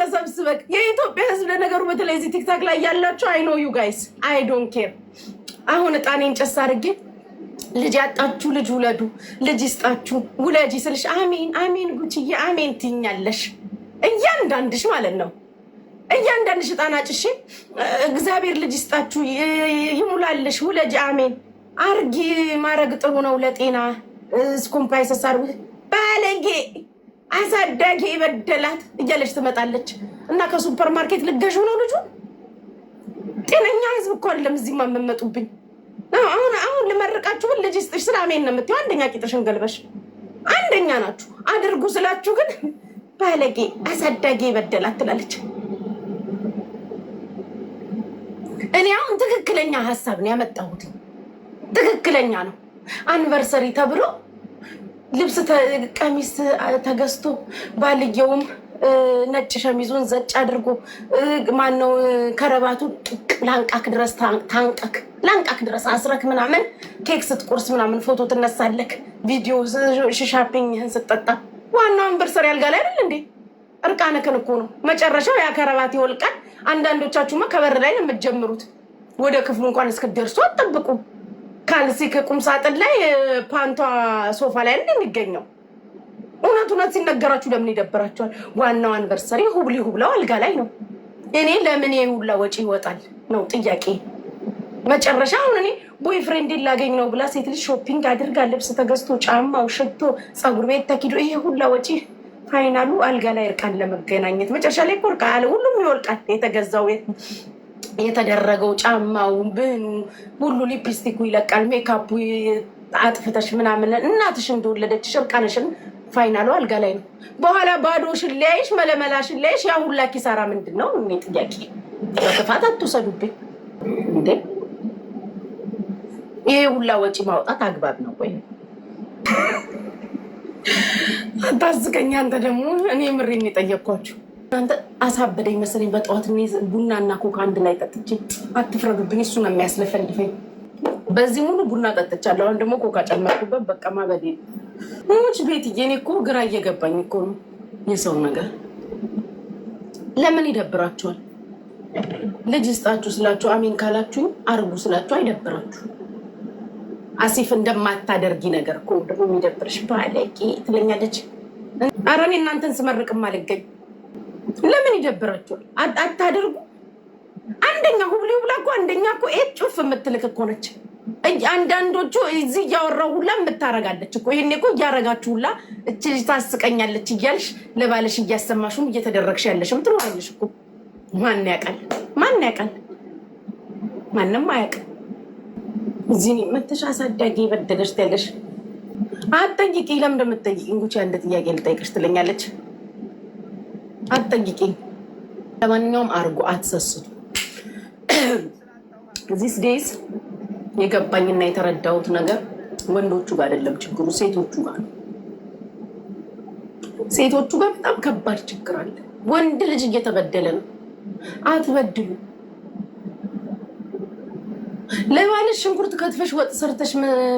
ተሰብስበቅ የኢትዮጵያ ህዝብ ለነገሩ በተለይ እዚህ ቲክታክ ላይ ያላቸው አይኖ ዩ ጋይስ አይ ዶንት ኬር። አሁን እጣኔን ጨስ አድርጌ ልጅ ያጣችሁ ልጅ ውለዱ፣ ልጅ ይስጣችሁ፣ ውለጅ ስልሽ አሜን አሜን ጉቺዬ አሜን ትኛለሽ፣ እያንዳንድሽ ማለት ነው። እያንዳንድሽ እጣን አጭሽ እግዚአብሔር ልጅ ይስጣችሁ፣ ይሙላልሽ፣ ውለጅ አሜን አርጊ። ማረግ ጥሩ ነው ለጤና። እስኩምፓይ ሰሳር ባለጌ አሳዳጊ የበደላት እያለች ትመጣለች እና ከሱፐር ማርኬት ልገዥ ነው ልጁ። ጤነኛ ህዝብ እኮ አይደለም እዚህ የምመጡብኝ። አሁን አሁን ልመርቃችሁ ልጅ ስጥሽ ስላሜን ነው የምትይው። አንደኛ ቂጥሽን ገልበሽ አንደኛ ናችሁ አድርጉ ስላችሁ ግን ባለጌ አሳዳጊ የበደላት ትላለች። እኔ አሁን ትክክለኛ ሀሳብ ነው ያመጣሁት። ትክክለኛ ነው። አንቨርሰሪ ተብሎ ልብስ ቀሚስ ተገዝቶ ባልየውም ነጭ ሸሚዙን ዘጭ አድርጎ ማነው ከረባቱ ላንቃክ ድረስ ታንቀክ ላንቃክ ድረስ አስረክ ምናምን ኬክ ስትቆርስ ምናምን ፎቶ ትነሳለክ፣ ቪዲዮ ሽሻፕኝህን ስትጠጣ ዋናውን ብር ያልጋ ላይ አይደል እንዴ? እርቃንክን እኮ ነው መጨረሻው። ያ ከረባት ይወልቃል። አንዳንዶቻችሁማ ከበር ላይ ነው የምትጀምሩት። ወደ ክፍሉ እንኳን እስክትደርሱ አጠብቁ። ካልሲ ከቁም ሳጥን ላይ ፓንቷ ሶፋ ላይ የሚገኘው እውነት እውነት ሲነገራችሁ ለምን ይደብራችኋል? ዋናው አንቨርሰሪ ሁብሊ ሁብላው አልጋ ላይ ነው። እኔ ለምን የሁላ ወጪ ይወጣል ነው ጥያቄ። መጨረሻ አሁን እኔ ቦይፍሬንድን ላገኝ ነው ብላ ሴት ልጅ ሾፒንግ አድርጋ ልብስ ተገዝቶ፣ ጫማው፣ ሸቶ ፀጉር ቤት ተኪዶ፣ ይሄ ሁላ ወጪ ፋይናሉ አልጋ ላይ እርቃን ለመገናኘት መጨረሻ ላይ እኮ ያለ ሁሉም ይወልቃል የተገዛው የተደረገው ጫማው ብኑ ሁሉ ሊፕስቲኩ ይለቃል። ሜካፑ አጥፍተሽ ምናምን እናትሽ እንደወለደች እርቃንሽን ፋይናሉ አልጋ ላይ ነው። በኋላ ባዶ ሊያይሽ መለመላ ሊያይሽ ያ ሁላ ኪሳራ ምንድን ነው? እኔ ጥያቄ በክፋት አትውሰዱብኝ እንዴ! ይሄ ሁላ ወጪ ማውጣት አግባብ ነው ወይ? አታስቀኝ አንተ ደግሞ። እኔ ምሬን የጠየቅኳችሁ አንተ አሳበደኝ መሰለኝ። በጠዋት ቡና እና ኮካ አንድ ላይ ጠጥቼ አትፍረዱብኝ። እሱ ነው የሚያስለፈልፈኝ። በዚህ ሙሉ ቡና ጠጥቻለሁ። አሁን ደግሞ ኮካ ጨመርኩበት። በቃ ማበዴ ሞች ቤት እየኔ እኮ ግራ እየገባኝ እኮ ነው የሰው ነገር። ለምን ይደብራችኋል? ልጅ ስጣችሁ ስላችሁ አሜን ካላችሁኝ አርጉ ስላችሁ አይደብራችሁ። አሲፍ እንደማታደርጊ ነገር እኮ ደግሞ የሚደብርሽ ባለቂ ትለኛለች። አረኔ እናንተን ስመርቅም አልገኝ ለምን ይደብራቸዋል? አታደርጉ። አንደኛ ሁሌ ሁላ እኮ አንደኛ እኮ ኤት ጩፍ የምትልክ እኮ ነች። አንዳንዶቹ እዚህ እያወራው ሁላ የምታረጋለች እኮ ይሄኔ እኮ እያረጋችሁ ሁላ እች ልጅ ታስቀኛለች እያልሽ ለባለሽ እያሰማሽም እየተደረግሽ ያለሽ ትኖራለሽ እኮ። ማን ያውቃል? ማን ያውቃል? ማንም አያውቅም። እዚህ መተሻ አሳዳጊ በደገሽ ትያለሽ። አትጠይቂ። ለምን እንደምትጠይቂ እንጉቻ እንደ ጥያቄ ልጠይቅሽ ትለኛለች። አትጠይቂኝ። ለማንኛውም አርጎ አትሰስቱ። ዚስ ዴይዝ የገባኝና የተረዳሁት ነገር ወንዶቹ ጋር አይደለም ችግሩ፣ ሴቶቹ ጋር ነው። ሴቶቹ ጋር በጣም ከባድ ችግር አለ። ወንድ ልጅ እየተበደለ ነው። አትበድሉ። ለባልሽ ሽንኩርት ከትፈሽ ወጥ ሰርተሽ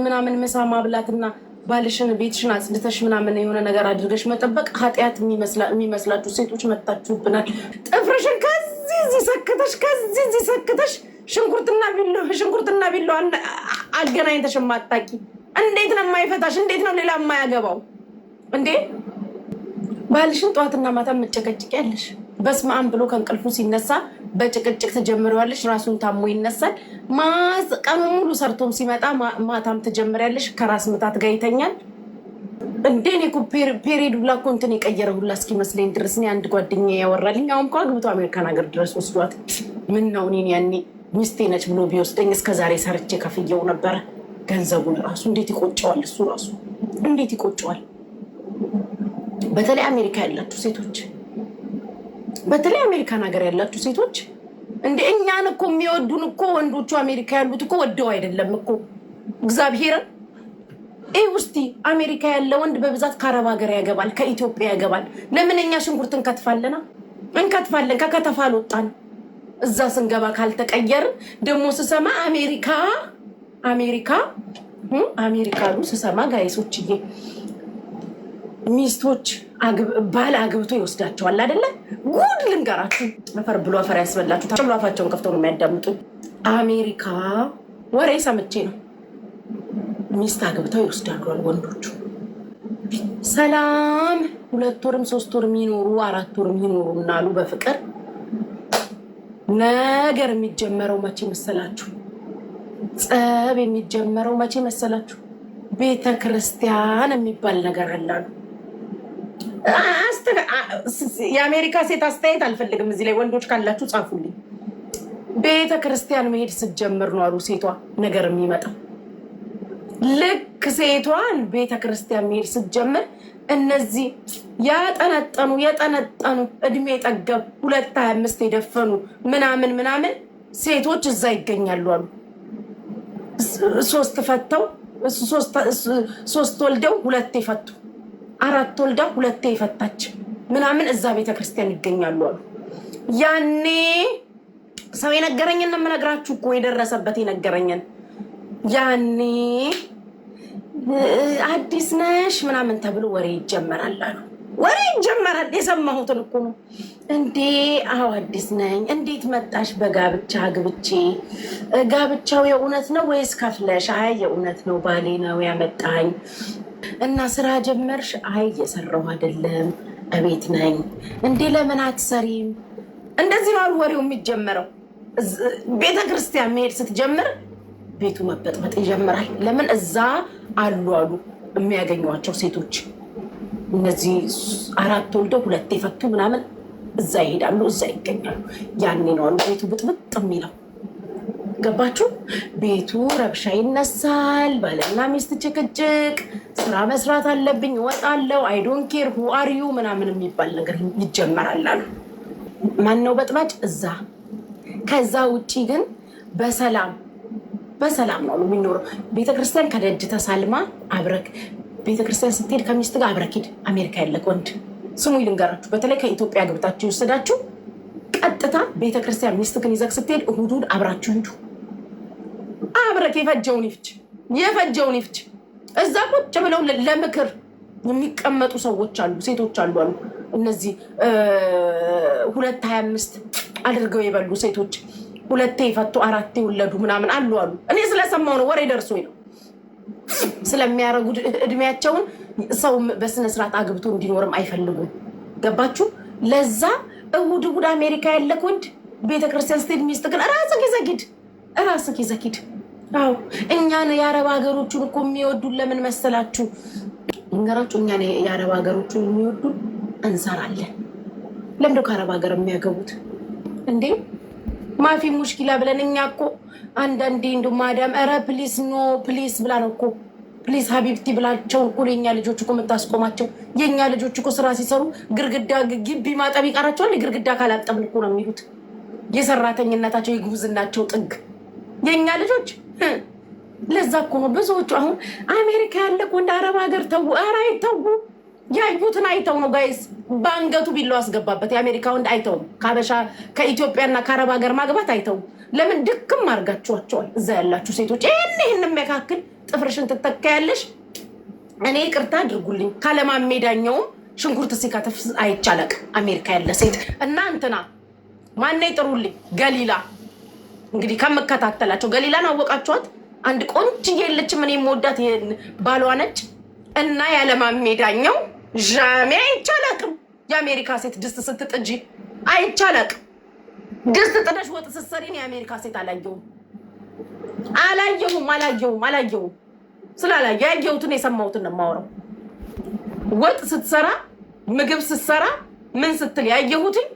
ምናምን ምሳ ማብላትና ባልሽን ቤትሽን አጽድተሽ ምናምን የሆነ ነገር አድርገሽ መጠበቅ ኃጢአት የሚመስላችሁ ሴቶች መጥታችሁብናል። ጥፍርሽን ከዚህ እዚህ ሰክተሽ ከዚህ እዚህ ሰክተሽ ሽንኩርትና ቢሎ ሽንኩርትና ቢሎ አገናኝተሽ ማታቂ እንዴት ነው የማይፈታሽ? እንዴት ነው ሌላ የማያገባው እንዴ? ባልሽን ጠዋትና ማታ መጨቀጭቅ ያለሽ በስመ አብ ብሎ ከእንቅልፉ ሲነሳ በጭቅጭቅ ትጀምሪዋለሽ። ራሱን ታሞ ይነሳል። ቀኑ ሙሉ ሰርቶም ሲመጣ ማታም ትጀምሪያለሽ። ከራስ ምታት ጋር ይተኛል። እንዴ እኔ እኮ ፔሬድ እንትን የቀየረ ሁላ እስኪመስለኝ ድረስ እኔ አንድ ጓደኛ ያወራልኝ አሁን እኮ አግብቶ አሜሪካን ሀገር ድረስ ወስዷት። ምን ነው እኔን ያኔ ሚስቴ ነች ብሎ ቢወስደኝ እስከዛሬ ሰርቼ ከፍየው ነበረ ገንዘቡን ራሱ እንዴት ይቆጨዋል? እሱ ራሱ እንዴት ይቆጨዋል? በተለይ አሜሪካ ያላችሁ ሴቶች በተለይ አሜሪካን ሀገር ያላችሁ ሴቶች እንደ እኛን እኮ የሚወዱን እኮ ወንዶቹ አሜሪካ ያሉት እኮ ወደው አይደለም እኮ እግዚአብሔርን ይህ ውስቲ አሜሪካ ያለ ወንድ በብዛት ከአረብ ሀገር ያገባል፣ ከኢትዮጵያ ያገባል። ለምን እኛ ሽንኩርት እንከትፋለና እንከትፋለን። ከከተፋ አልወጣን እዛ ስንገባ ካልተቀየርን ደግሞ ስሰማ አሜሪካ አሜሪካ አሜሪካኑ ስሰማ ጋይሶችዬ ሚስቶች ባል አግብቶ ይወስዳቸዋል አይደለ? ጉድ ልንገራችሁ፣ አፈር ብሎ አፈር ያስበላችሁ። ጭሎ አፋቸውን ከፍተው ነው የሚያዳምጡ። አሜሪካ ወሬ ሰምቼ ነው ሚስት አግብተው ይወስዳሉል ወንዶቹ። ሰላም ሁለት ወርም ሶስት ወርም ይኖሩ አራት ወርም ይኖሩ እናሉ በፍቅር ነገር የሚጀመረው መቼ መሰላችሁ? ጸብ የሚጀመረው መቼ መሰላችሁ? ቤተ ክርስቲያን የሚባል ነገር አላሉ የአሜሪካ ሴት አስተያየት አልፈልግም። እዚህ ላይ ወንዶች ካላችሁ ጻፉልኝ። ቤተ ክርስቲያን መሄድ ስትጀምር ነው አሉ ሴቷ ነገር የሚመጣው። ልክ ሴቷን ቤተ ክርስቲያን መሄድ ስትጀምር እነዚህ ያጠነጠኑ የጠነጠኑ እድሜ ጠገብ ሁለት ሀያ አምስት የደፈኑ ምናምን ምናምን ሴቶች እዛ ይገኛሉ አሉ ሶስት ፈተው ሶስት ወልደው ሁለት የፈቱ አራት ወልዳ ሁለቴ የፈታች ምናምን እዛ ቤተክርስቲያን ይገኛሉ አሉ። ያኔ ሰው የነገረኝን ነው የምነግራችሁ እኮ የደረሰበት የነገረኝን። ያኔ አዲስ ነሽ ምናምን ተብሎ ወሬ ይጀመራል አሉ። ወሬ ይጀመራል። የሰማሁትን እኮ ነው እንዴ? አዎ አዲስ ነኝ። እንዴት መጣሽ? በጋብቻ ግብቼ። ጋብቻው የእውነት ነው ወይስ ከፍለሽ? አይ የእውነት ነው፣ ባሌ ነው ያመጣኝ። እና ስራ ጀመርሽ? አይ እየሰራሁ አይደለም፣ እቤት ነኝ። እንዴ ለምን አትሰሪም? እንደዚህ ነው ወሬው የሚጀመረው። ቤተ ክርስቲያን መሄድ ስትጀምር ቤቱ መበጥበጥ ይጀምራል። ለምን? እዛ አሉ አሉ የሚያገኟቸው ሴቶች እነዚህ አራት ወልደው ሁለት የፈቱ ምናምን እዛ ይሄዳሉ፣ እዛ ይገኛሉ። ያኔ ነው ቤቱ ብጥብጥ የሚለው። ገባችሁ? ቤቱ ረብሻ ይነሳል። ባለና ሚስት ጭቅጭቅ፣ ስራ መስራት አለብኝ፣ እወጣለሁ፣ አይዶን ኬር ሁ ምናምን የሚባል ነገር ይጀመራል አሉ። ነው በጥባጭ እዛ። ከዛ ውጪ ግን በሰላም በሰላም ነው የሚኖረው። ቤተክርስቲያን ከደጅ ተሳልማ አብረክ ቤተክርስቲያን ስትሄድ ከሚስት ጋር አብረህ ሂድ። አሜሪካ ያለ ወንድ ስሙ ይልንገራችሁ፣ በተለይ ከኢትዮጵያ ገብታችሁ ይወሰዳችሁ፣ ቀጥታ ቤተክርስቲያን ግን ይዘህ ስትሄድ እሁዱን አብራችሁ ሂዱ። አብረህ የፈጀውን ይፍች፣ የፈጀውን ይፍች። እዛ ቁጭ ብለው ለምክር የሚቀመጡ ሰዎች አሉ፣ ሴቶች አሉ አሉ እነዚህ ሁለት ሀያ አምስት አድርገው የበሉ ሴቶች ሁለቴ የፈቱ አራቴ የወለዱ ምናምን አሉ አሉ። እኔ ስለሰማው ነው፣ ወሬ ደርሶኝ ነው። ስለሚያረጉ እድሜያቸውን ሰው በስነስርዓት አግብቶ እንዲኖርም አይፈልጉም። ገባችሁ? ለዛ እሁድ እሁድ አሜሪካ ያለክ ወንድ ቤተክርስቲያን ስትሄድ ሚስት ግን ራስክ ዘጊድ፣ ራስክ ዘጊድ። አዎ እኛን የአረብ ሀገሮቹን እኮ የሚወዱን ለምን መሰላችሁ? ንገራችሁ። እኛን የአረብ ሀገሮቹን የሚወዱን እንሰራለን። ለምደ ከአረብ ሀገር የሚያገቡት እንዴ ማፊ ሙሽኪላ ብለን እኛ እኮ አንዳንዴ እንደ ማዳም ፕሊስ ኖ ፕሊስ ብላነ እኮ ፕሊዝ ሀቢብቲ ብላቸው እኮ የኛ ልጆች እኮ የምታስቆማቸው። የእኛ ልጆች እኮ ስራ ሲሰሩ ግርግዳ ግቢ ማጠብ ይቀራቸዋል። ግርግዳ ካላጠብን እኮ ነው የሚሉት። የሰራተኝነታቸው የጉብዝናቸው ጥግ የእኛ ልጆች። ለዛ እኮ ነው ብዙዎቹ አሁን አሜሪካ ያለ እንደ አረብ ሀገር ተዉ፣ ኧረ አይተዉ። ያዩትን አይተው ነው ጋይስ። በአንገቱ ቢለው አስገባበት። የአሜሪካ ወንድ አይተውም። ከአበሻ ከኢትዮጵያና ከአረብ ሀገር ማግባት አይተው። ለምን ድክም አድርጋችኋቸዋል እዛ ያላችሁ ሴቶች ይህን ይህን የሚያካክል ጥፍርሽን ትተካያለሽ። እኔ ይቅርታ አድርጉልኝ ካለማሜ ዳኘውም ሽንኩርት ሲከትፍ አይቻለቅ አሜሪካ ያለ ሴት እና እንትና ማና ይጥሩልኝ ገሊላ እንግዲህ ከምከታተላቸው ገሊላን አወቃችኋት? አንድ ቆንጅዬ የለችም እኔ የምወዳት ባሏ ነች እና ያለማሜ ዳኘው ዣሜ አይቻለቅም። የአሜሪካ ሴት ድስት ስትጥጂ አይቻለቅም። ድስት ጥደሽ ወጥ ስትሰሪ የአሜሪካ ሴት አላየውም። አላየሁም አላየሁም አላየሁም። ስላላየ ያየሁትን የሰማሁትን ነው የማወራው። ወጥ ስትሰራ ምግብ ስትሰራ ምን ስትል ያየሁትን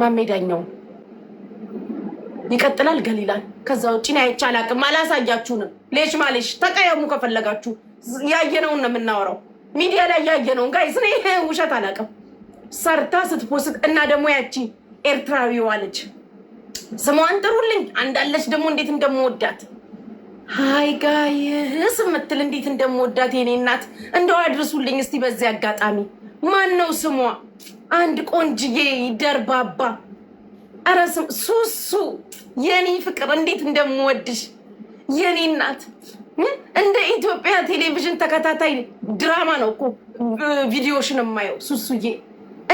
ማሜዳኛው ይቀጥላል ገሊላን። ከዛ ውጭ እኔ አይቼ አላቅም። አላሳያችሁንም። ሌሽ ማሌሽ ተቀየሙ ከፈለጋችሁ። ያየነውን ነው የምናወራው ሚዲያ ላይ ያየነውን። ጋይስ እኔ ውሸት አላቅም። ሰርታ ስትፖስት እና ደግሞ ያቺ ኤርትራዊዋ ልጅ ስሟን ጥሩልኝ። አንዳለች ደግሞ እንዴት እንደምወዳት ሀይ ጋይስ የምትል እንዴት እንደምወዳት የኔ እናት እንደው አድርሱልኝ እስቲ። በዚህ አጋጣሚ ማን ነው ስሟ? አንድ ቆንጅዬ ደርባባ፣ ኧረ ሱሱ የኔ ፍቅር እንዴት እንደምወድሽ የኔ እናት። እንደ ኢትዮጵያ ቴሌቪዥን ተከታታይ ድራማ ነው እኮ ቪዲዮሽን የማየው ሱሱዬ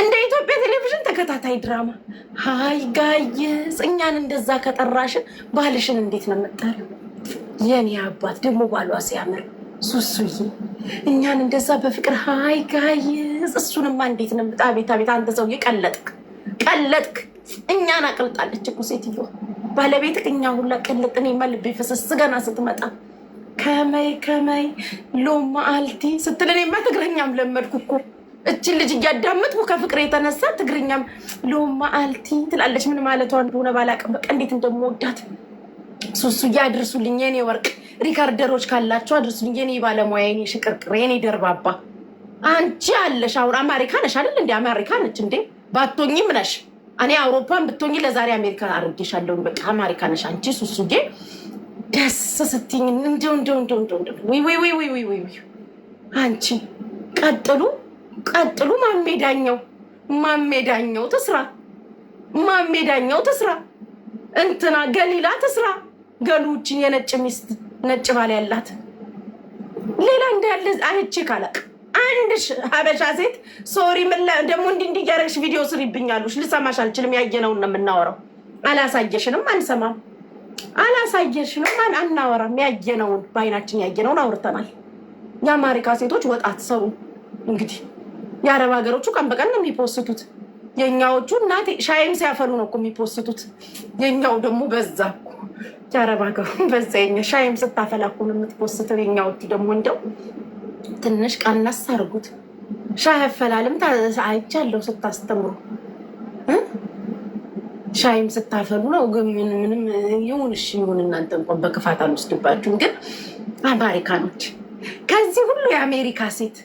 እንደ ኢትዮጵያ ቴሌቪዥን ተከታታይ ድራማ ሀይ ጋይስ፣ እኛን እንደዛ ከጠራሽን ባልሽን እንዴት ነው የምጠሪው? የኔ አባት ደግሞ ባሏ ሲያምር ሱሱዬ፣ እኛን እንደዛ በፍቅር ሀይ ጋይስ። እሱንማ እንዴት ነው አቤት አቤት! አንተ ሰውዬ ቀለጥክ ቀለጥክ። እኛን አቅልጣለች እኮ ሴትዮዋ ባለቤት እኛ ሁላ ቀለጥን። የማልብ ፍስስ ገና ስትመጣ ከመይ ከመይ ሎማ አልቲ ስትልን የማ ትግረኛም ለመድኩ እኮ እችን ልጅ እያዳመጥኩ ከፍቅር የተነሳ ትግርኛም ሎማ አልቲ ትላለች። ምን ማለቷ እንደሆነ ባላቅም በቃ እንዴት እንደምወዳት ሱሱ እያድርሱልኝ የኔ ወርቅ ሪካርደሮች ካላቸው አድርሱልኝ። የኔ ባለሙያ፣ የኔ ሽቅርቅር፣ የኔ ደርባባ አንቺ አለሽ። አሁን አሜሪካ ነሽ አይደል? እንደ አሜሪካ ነች እንዴ? ባቶኝም ነሽ። እኔ አውሮፓን ብቶኝ ለዛሬ አሜሪካ አርጌሻለሁ። በቃ አሜሪካ ነሽ አንቺ ሱሱዬ። ደስ ስትኝ እንደው እንደው እንደው እንደው አንቺ ቀጥሉ ቀጥሉ። ማሜዳኛው ማሜዳኛው ትስራ፣ ማሜዳኛው ትስራ፣ እንትና ገሊላ ትስራ። ገሉችን የነጭ ሚስት ነጭ ባል ያላት ሌላ እንዳለ አይቼ ካላቅ አንድ ሀበሻ ሴት ሶሪ ደግሞ እንዲህ እንዲህ እያደረግሽ ቪዲዮ ስሪብኛሉሽ። ልሰማሽ አልችልም። ያየነውን ነው የምናወራው። አላሳየሽንም፣ አንሰማም። አላሳየሽንም፣ አናወራም። ያየነውን በአይናችን ያየነውን አውርተናል። የአማሪካ ሴቶች ወጣት ሰሩ እንግዲህ የአረብ ሀገሮቹ ቀን በቀን ነው የሚፖስቱት። የእኛዎቹ እናቴ ሻይም ሲያፈሉ ነው እኮ የሚፖስቱት። የኛው ደግሞ በዛ የአረብ ሀገሩ በዛ የኛ ሻይም ስታፈላ እኮ ነው የምትፖስተው። የኛዎቹ ደግሞ እንደው ትንሽ ቀነስ አድርጉት። ሻይ አፈላልም አይቻለሁ ስታስተምሩ ሻይም ስታፈሉ ነው። ግን ምንም ይሁን እሺ ይሁን፣ እናንተ እንኳን በክፋት አንወስድባችሁም። ግን አሜሪካኖች ከዚህ ሁሉ የአሜሪካ ሴት